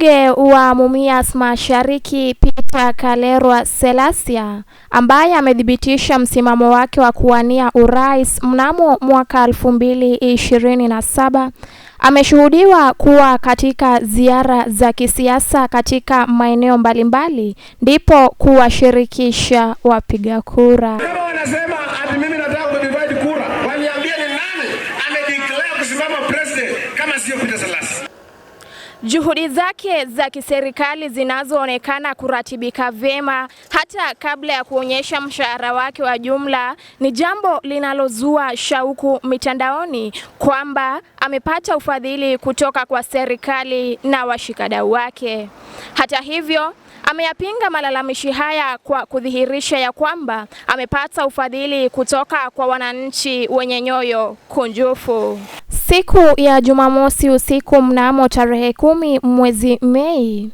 Mbunge wa Mumias Mashariki Peter Kalerwa Selasia ambaye amethibitisha msimamo wake wa kuwania urais mnamo mwaka 2027 ameshuhudiwa kuwa katika ziara za kisiasa katika maeneo mbalimbali ndipo kuwashirikisha wapiga kura. Kama sio Peter Juhudi zake za kiserikali zinazoonekana kuratibika vyema hata kabla ya kuonyesha mshahara wake wa jumla ni jambo linalozua shauku mitandaoni kwamba amepata ufadhili kutoka kwa serikali na washikadau wake. Hata hivyo, ameyapinga malalamishi haya kwa kudhihirisha ya kwamba amepata ufadhili kutoka kwa wananchi wenye nyoyo kunjufu. Siku ya Jumamosi usiku mnamo tarehe kumi mwezi Mei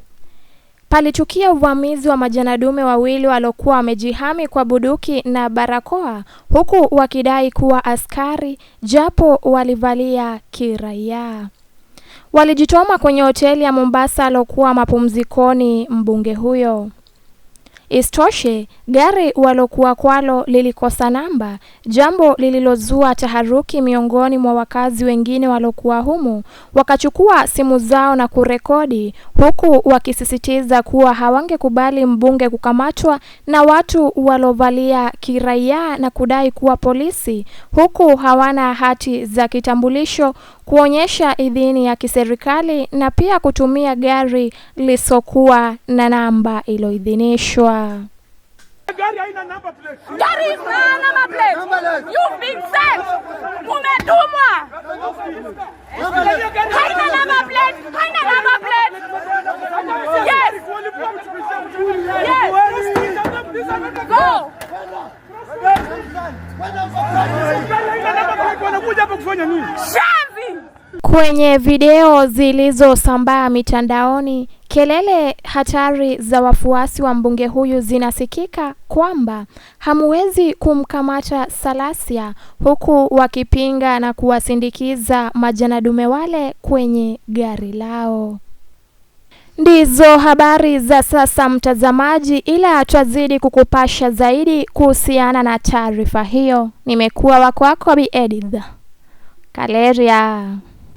palitukia uvamizi wa majanadume wawili waliokuwa wamejihami kwa buduki na barakoa huku wakidai kuwa askari japo walivalia kiraia. Walijitoma kwenye hoteli ya Mombasa aliokuwa mapumzikoni mbunge huyo. Isitoshe, gari walokuwa kwalo lilikosa namba, jambo lililozua taharuki miongoni mwa wakazi wengine walokuwa humo, wakachukua simu zao na kurekodi, huku wakisisitiza kuwa hawangekubali mbunge kukamatwa na watu walovalia kiraia na kudai kuwa polisi, huku hawana hati za kitambulisho kuonyesha idhini ya kiserikali na pia kutumia gari lisokuwa na namba iloidhinishwa. Gari haina namba plate. Gari haina namba plate. You've been sent. Umetumwa. Haina namba plate. Haina namba plate. Yes. Yes. Go. Wanakuja hapa kufanya nini? Kwenye video zilizosambaa mitandaoni, kelele hatari za wafuasi wa mbunge huyu zinasikika kwamba hamwezi kumkamata Salasya, huku wakipinga na kuwasindikiza majanadume wale kwenye gari lao. Ndizo habari za sasa mtazamaji, ila twazidi kukupasha zaidi kuhusiana na taarifa hiyo. Nimekuwa wako wako Bi Edith Kaleria.